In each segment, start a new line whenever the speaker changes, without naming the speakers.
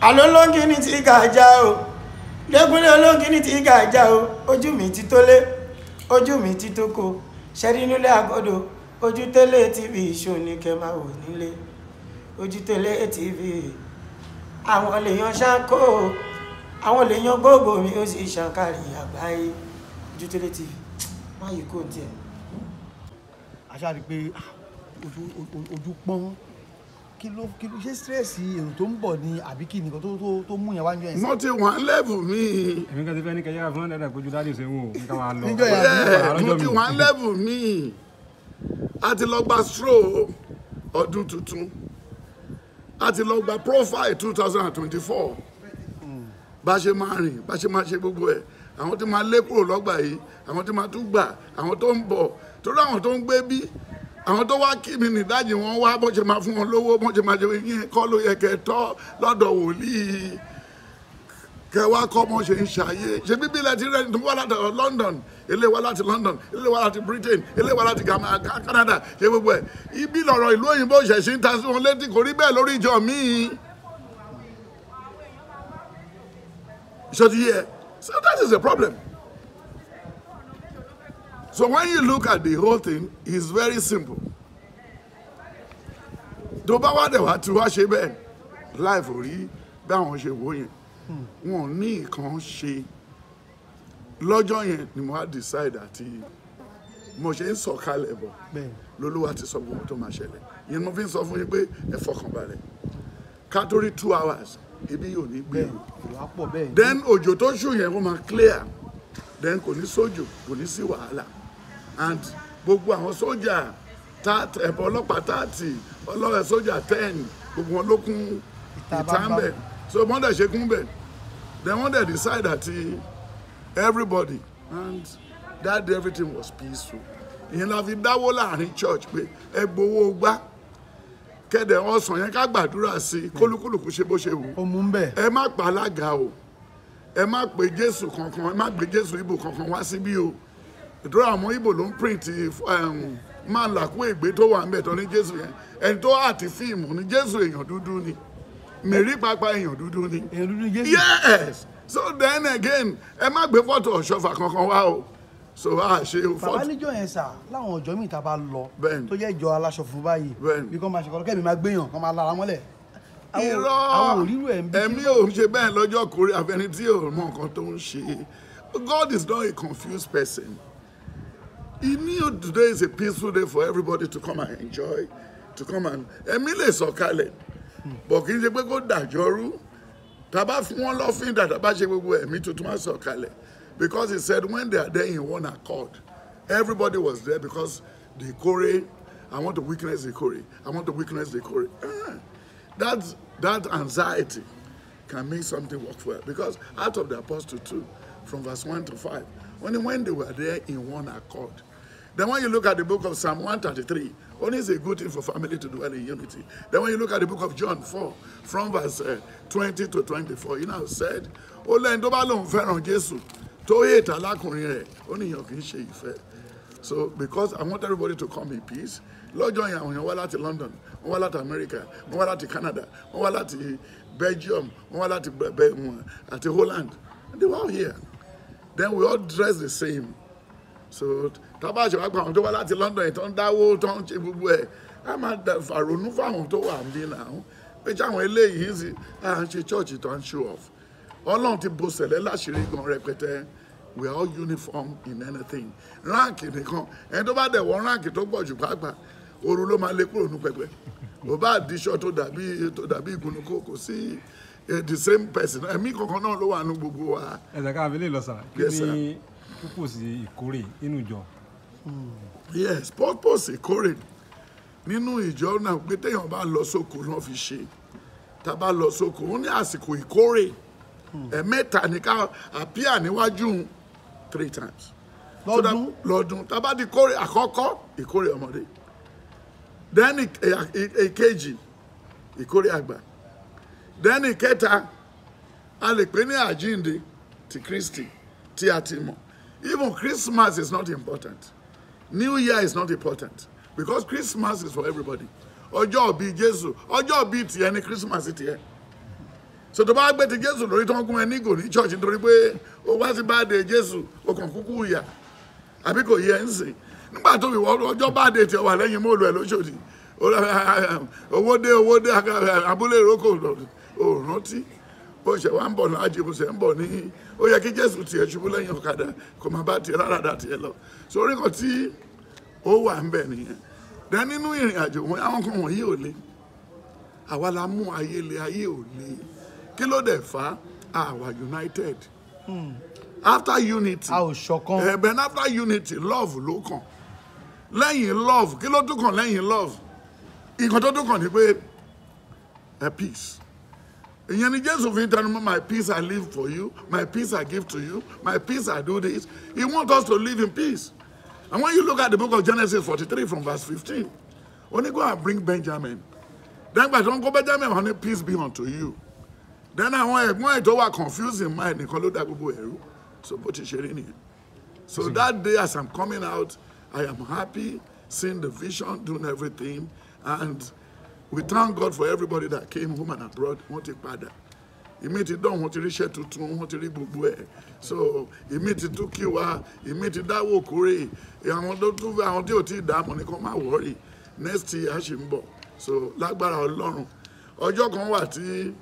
àlọ́ lóńgì ní ti gàjà o lẹ́gúnlé olóńgì ní ti gàjà o ojú mi ti tólé ojú mi ti tóko ṣẹ́rí nílé àgọ́dọ̀ ojú télé tv show ní kẹ́ máa wò nílé ojú télé tv àwọn lèèyàn ṣáńkó àwọn lèèyàn gbogbo mi ó sì ṣàǹkàrí àgbáyé ojú télé tv má yìí kò tiẹ̀. a ṣáà rí i pé ah, ojú pọ́n kí ló kí ló ṣe stress èrò tó ń bọ̀ ni àbí kí nìkan tó tó tó mú yẹn wá ń jọ yẹn. mo ti wà level mi. èmi kan ti fẹ́ ní kẹyà fún ẹ̀dá ìpéjú dáàdì ìṣẹ́wó nǹkan máa lọ. níjọ yà mo ti wà level mi a ti lọ gba stro ọdún tuntun a ti lọ gba profile two thousand and twenty-four bá ṣe máa rìn bá ṣe máa ṣe gbogbo ẹ̀ àwọn tí máa lé kúrò lọ́gbà yìí àwọn tí máa tún gbà àwọn tó ń bọ̀ torí àwọn tó ń gbé bí àwọn tó wá kí mi nìdájì wọn wá bó ṣe máa fún wọn lówó bó ṣe máa ṣe yín kọ́ ló yẹ kẹ́ tọ́ lọ́dọ̀ wòlíì kẹ́ wá kọ́ bó ṣe ń ṣàyè ṣe bíbí ilẹ̀ ti rẹ̀ tó wá láti London ilé wa láti London ilé wa láti Britain ilé wa láti Canada ṣe gbogbo ẹ̀ ibi lọ̀rọ̀ ìlú òyìnbó ṣẹ̀ṣì ń ta sí wọn létí kò rí bẹ́ẹ̀ lórí ìjọ míì ṣe ti yẹ so that is a problem. So when you look at the whole thing, it's very simple. Tó bá wá dẹ̀ wá tí wá ṣe bẹ́ẹ̀ láìfò rí bí àwọn ṣe wò yẹn. Wọn ò ní nǹkan ṣe. Lọ́jọ́ ni mo decide àti mo ṣe ń sọ̀kalẹ̀ bọ̀ lolúwa ti sọ gbogbo tó máa ṣẹlẹ̀ yẹn mo fi ń sọ fún yín pé ẹ fọkànbalẹ̀ ká tó rí two hours ibi yóò ní gbé then ojo tó ṣù yẹn ó máa clear then kò ní sójò kò ní and gbogbo àwọn sójà ẹ̀bọ̀ ọlọ́pàá tààtì ọlọ́rẹ̀ sójà ten gbogbo wọn ló kún ìtàmbẹ̀ so wọ́n dẹ̀ ṣe kún bẹ̀ then wọ́n dẹ̀ decide that everybody and that day everything was peaceful ìyẹn la fi dáwó láàrin church pé ẹ gbowó gbá kẹ́dẹ̀ ọ̀sán yẹn ká gbàdúrà sí i kólúkúlùkù ṣe bó ṣe wù ẹ má pa alága o ẹ má pe jésù kankan ẹ má pe jésù ibù kankan wá síbí o ìdúrà àwọn ibo ló ń print máa um, làkú ègbé tó wà ńbẹ̀ tó ní jésù yẹn ẹni tó àti fíìmù ní jésù èèyàn dúdú ni mèrí pápá èèyàn dúdú ni. èèyàn dúdú jésù. yes so then again ẹ má gbé fọ́tò ọ̀ṣọ́fà kankan wá o so a ṣe fọ́tò. bàbá níjọ yẹn sà láwọn ọjọ́ mi ta bá lọ tó jẹ́ ìjọ aláṣọ fún báyìí bí kò máa ṣe kọ́lọ́kẹ́ mi máa gbéyàn kọ́ máa lára mọ́lẹ̀ irọ́ ẹ̀mí ò ń ṣe bẹ́ẹ̀ lọ́jọ́ kórè àfẹni tí ò mọ nǹkan tó ń ṣe God is not a confused person. He knew today is a peaceful day for everybody to come and enjoy, to come and emile lè but bọ̀ kì go ṣe pé kó dàjọ́ rú tàbá fún wọn lọ́fíìn tàbá ṣe gbogbo ẹ̀mí tuntun á because he said when they are there in one accord everybody was there because the kore I want to witness the kore I want to witness the kore ah, that that anxiety can make something work well because out of the apostle two, from verse one to five only when they were there in one accord. Then when you look at the book of Psalm 133, only is a good thing for family to dwell in unity. Then when you look at the book of John 4, from verse uh, 20 to 24, you know said, ó lẹ́yìn tó bá Jesu, fẹ́ràn Jésù only hate alákùnrin rẹ̀ So because I want everybody to come in peace, lọ́jọ́ yẹn àwọn èèyàn wá láti London, wọ́n wá láti America, wọ́n wá láti Canada, wọ́n wá láti Belgium, wọ́n wá láti Belgium àti Holland, and they were all here. Then we all dress the same. So tábà ṣèwà pa àwọn tó wá láti London ìtàn dáwó tó ń ṣe gbogbo ẹ̀ á máa fàrònú fáwọn tó wà níbí náà pé sáwọn eléyìí ń ṣe chọ́ọ̀chì tó ń show off ọlọ́run ti bo sẹ̀lẹ̀ láṣìírí gan rẹpẹtẹ we are all uniform in anything ránkì nìkan ẹni tó bá dẹ̀ wọ ránkì tó pọ̀ jù pàápàá ooru ló máa lé kúrò ní pẹpẹ kò bá àdìṣọ tó dàbí tó dàbí ìgúnnukó kò sí eh, the same person ẹ̀mí kankan náà ló wà ní gbogbo wa. ẹ̀sẹ̀ káàbílẹ̀ lọ́sàn kí ni púpọ̀ sí ìkórè inú ìjọ yes purpose ìkórè nínú ìjọ náà pé téèyàn bá lọ sóko náà fi ṣe tá a bá lọ sóko ó ní àsìkò ìkórè ẹ̀ẹ̀mẹ́ta hmm. ní ká àpíà níwájú three times lọ́dún lọ́dún tá a bá di kórè àkọ́kọ́ ìkórè ọmọdé then ìkejì ìkórè àgbà then ìkẹta a lè pè ní àjínde ti Kristi tí a ti mọ̀ even Christmas is not important New Year is not important because Christmas is for everybody. Ọjọ́ ìbí Jésù, ọjọ́ ìbí tiẹ̀ ni Christmas tiẹ̀. So tó bá gbé ti Jésù lórí tó ń gún ẹ ní ìgò ní church nítorí pé o wá sí báde Jésù o kàn kúkú yà àbí kò yẹ ń sìn. Nígbà tó fi wọ́n ọjọ́ báde tiẹ̀ wà lẹ́yìn mọ́ọ̀lù ẹ̀ lóṣòdì. Owó dé owó dé abúlé ìrókò ò rántí bó ṣe wá ń bọ̀ ní ájì bó ṣe ń bọ̀ ní ó yẹ kí jésù tiẹ̀ ṣubú lẹ́yìn ọ̀kadà kò má bá tiẹ̀ rárá dà tiẹ̀ lọ sórí kan tí ó wà ń bẹ̀ nìyẹn dẹ nínú ìrìn àjò wọn àwọn kan wọ̀nyí ò le àwa la mú ayé le ayé ò le kí ló dẹ̀ fà àwa united hmm. after unity a ò ṣọ̀kan ẹ̀bẹ̀ eh, after unity love ló kàn lẹ́yìn love kí ló tún kàn lẹ́yìn love nǹkan tó tún kàn ní pé eh, peace ìyẹn ni jésù fi tẹnu my peace i live for you my peace i give to you my peace i do this he wants us to live in peace and when you look at the book of genesis forty-three from verse fifteen only go and bring benjamin then gbàtí don't go benjamin wọ́n ní peace be unto you then àwọn ẹ̀gbọ́n ẹ̀ tó wà confusing mind nìkan ló dá gbogbo so bó ti ṣe rí nìyẹn so that day as i'm coming out i am happy seeing the vision doing everything and we thank God for everybody that came home and abroad wọ́n ti padà ìmí ti dán wọ́n ti ríṣẹ́ tuntun wọ́n ti rí gbogbo ẹ̀ so ìmí ti tún kí wa ìmí ti dáwọ́ kórè àwọn tó tún fẹ́ àwọn tí want to ì that money come out worry. next year ṣì ń bọ̀ so lágbára Ọlọ́run ọjọ́ kan wà tí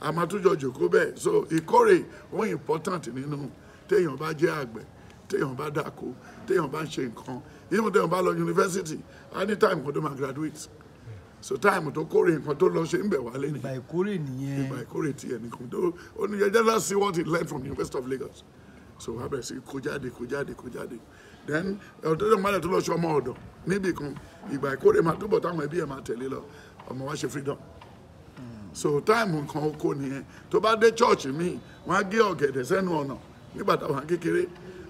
a máa tún jọ jòkó bẹ́ẹ̀ so ìkórè wọ́n important nínú téèyàn bá jẹ́ àgbẹ̀ téèyàn bá dáko téèyàn bá ń ṣe nǹkan even téèyàn bá lọ University. anytime kò tó máa graduate so táìmù tó kórè nǹkan tó lọ ṣe ń bẹ̀ wálé ni. ìgbà ìkórè nìyẹn. ìgbà ìkórè ti ẹ̀ nìkan tó oníyẹn just let's see what he learned from the University of Lagos so wàá bẹ̀rẹ̀ sí kó jáde kó jáde kó jáde then ọ̀dọ́dọ̀ mọ́lẹ̀ tó lọ ṣe ọmọ ọ̀dọ̀ níbì kan ìgbà ìkórè máa túbọ̀ táwọn ẹbí ẹ̀ máa tẹ̀lé lọ ọmọ wa ṣe freedom so táìmù nǹkan oko nìyẹn tó bá dé church mi wọ́n á gé ọ̀gẹ̀dẹ̀ sẹ́nu ọ̀nà nígbà táwọn kékeré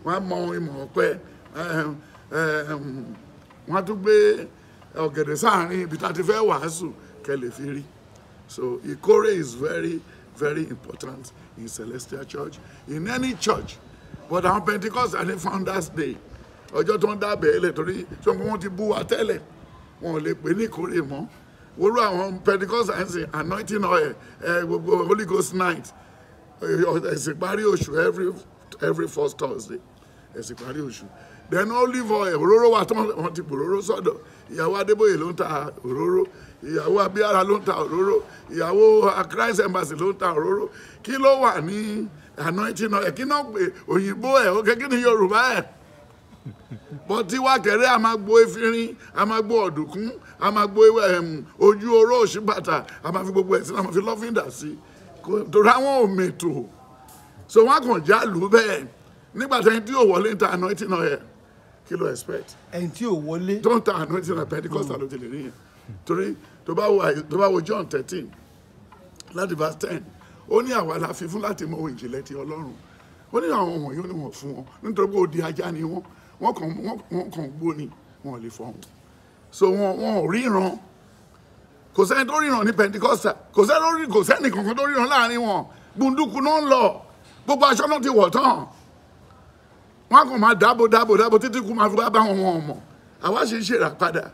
wọ́n á mọ ìmọ̀ ọ̀pẹ wọ́n á tún gbé ọ̀gẹ̀dẹ̀ sáàrin ibi tá a ti fẹ́ wàásù kẹ́ fi rí so ìkórè is very very important in Celestial Church in any church but àwọn Pentecost and Founders Day ọjọ́ tó ń dábẹ̀ ẹ̀ lẹ̀ torí tí wọ́n ti bú wa tẹ́lẹ̀ wọn ò lè pè ní ìkórè mọ́ wọ́n àwọn Pentecost and anointing oil gbogbo Holy Ghost night ẹ̀sìn parí oṣù every every first Thursday ẹ̀sìn parí oṣù then olive oil òróró wa tí wọ́n ti pòróró sodo. ìyàwó adébóyè ló ń ta òróró ìyàwó abíyára ló ń ta òróró ìyàwó christ embassy ló ń ta òróró kí ló wà anointing oil kí náà pé òyìnbó ẹ̀ ó kékeré ní yorùbá ẹ̀ bọ́ tí wá kẹ̀rẹ́ a máa gbo efirin a máa gbo ọ̀dùnkún a máa gbo ojú oró òṣìbàtà a máa fi gbogbo ẹ̀ sí a máa fi lọ́fíńdà sí i torí àwọn ò so wọn kàn já lù ú bẹ́ẹ̀ nígbà tí wọ́n ti ò wọlé ń anointing oil kí ló expect. ẹni tí ò wọlé. don't anointing and pentecostal hmm. ló ti lè rí yẹn torí tó bá wo tó bá wo john thirteen láti verse ten ó ní àwa la fi fún láti mọ ìjìnlẹ̀ ti ọlọ́run ó ní àwọn wọ̀nyí ó ní wọ́n fún wọn nítorí pé odi ajá ni wọ́n wọ́n kàn wọ́n kàn gbó ni wọ́n lè fọ́ wọn so wọn wọn ò ríran kò sẹ́ni tó ríran ní pentikosta kò sẹ́ni kò sẹ́ni kankan tó ríran láàrin wọn gbunduku náà ń lọ gbogbo aṣọ náà ti wọ̀ tán wọn á kàn máa dáàbò dáàbò dáàbò títí kú máa fi wá bá wọn wọn ọmọ àwa ṣe ń ṣèrà padà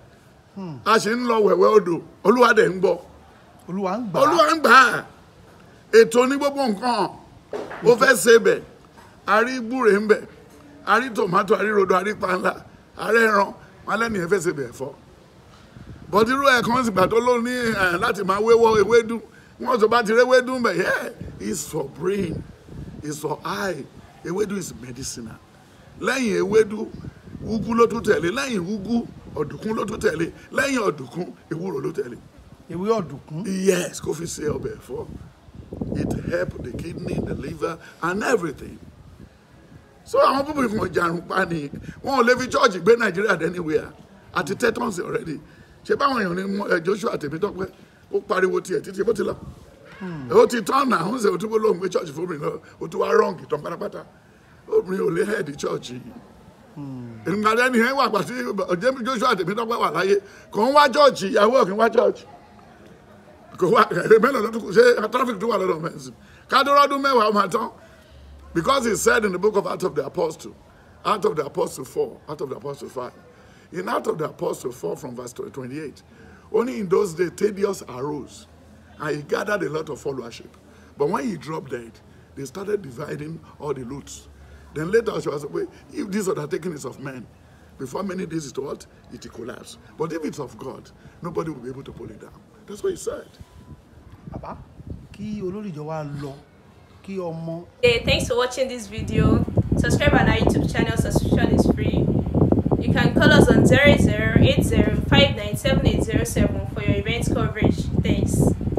hmm. a ṣe ń lọ wẹ̀wẹ́ odò olúwa dẹ̀ ń gbọ́ olúwa ń gbà á ètò ní gbogbo nǹkan ó fẹ́ ṣe bẹ̀ a rí gbúre ń bẹ̀ a rí tòmátò a rí rodo a rí panla a rí ẹran wọn lẹ́nu yẹn fẹ́ ṣe bẹ̀ fọ́ bọ́dúrú ẹ̀ kan sì gbàtọ́ ló ní láti máa wéwọ́ ewédú wọn tó bá ti rí ewédú bẹ̀ yẹ́ it's brain it's for eye ewédú is medicinal lẹ́yìn ewédú úgú ló tún tẹ̀lé lẹ́yìn úgú ọ̀dùnkún ló tún tẹ̀lé lẹ́yìn ọ̀dùnkún ewúro ló tẹ̀lé. ewé ọ̀dùnkún. yes kó fi ṣe ọbẹ̀ ẹ̀fọ́ it help the kidney the liver and everything. so àwọn púpọ̀ ìfọ̀n jarun pa ni wọn ò lè fi church gbé nàìjíríà anywhere àti tetons already ṣe báwọn èèyàn ní joshua tèmítọ́pẹ́ ó pariwo tiẹ̀ títí bó ti lọ. Hmm. ó ti tán náà ó ń ṣe òtúbó lóhùn pé church fún mi lọ òtúwá wrong tán pátápátá obìnrin ò lè hẹ́ẹ̀dì church. yìí ìgbàlẹ́ ni ẹ̀ ń wà gbà James Joshua tèmi tọ́pẹ́ wà láyé kò ń wá chọ́ọ̀chì ìyàwó ò wá chọ́ọ̀chì kò wá ẹ̀rẹ́ mẹ́lẹ̀ lọ́dún traffic tó wà lọ́dọ̀ mẹ́sìn kádúrọ́dún mẹ́wàá ọmọ àtọ́ because he said in the book of Acts of the Apostle Acts of the Apostle four Acts of the Apostle five in Acts of the Apostle four from verse twenty-eight only in those days Thaddeus arose and he gathered a lot of followership but when he dropped dead they started dividing all the loots Then later she was away. If this undertaking is of men, before many days it what? It collapse. But if it's of God, nobody will be able to pull it down. That's what he said. Baba, ki olórí ìjọ wa lọ, kí ọmọ. Hey, thanks for watching this video. Subscribe on our YouTube channel. Subscription is free. You can call us on 0080 for your event coverage. Thanks.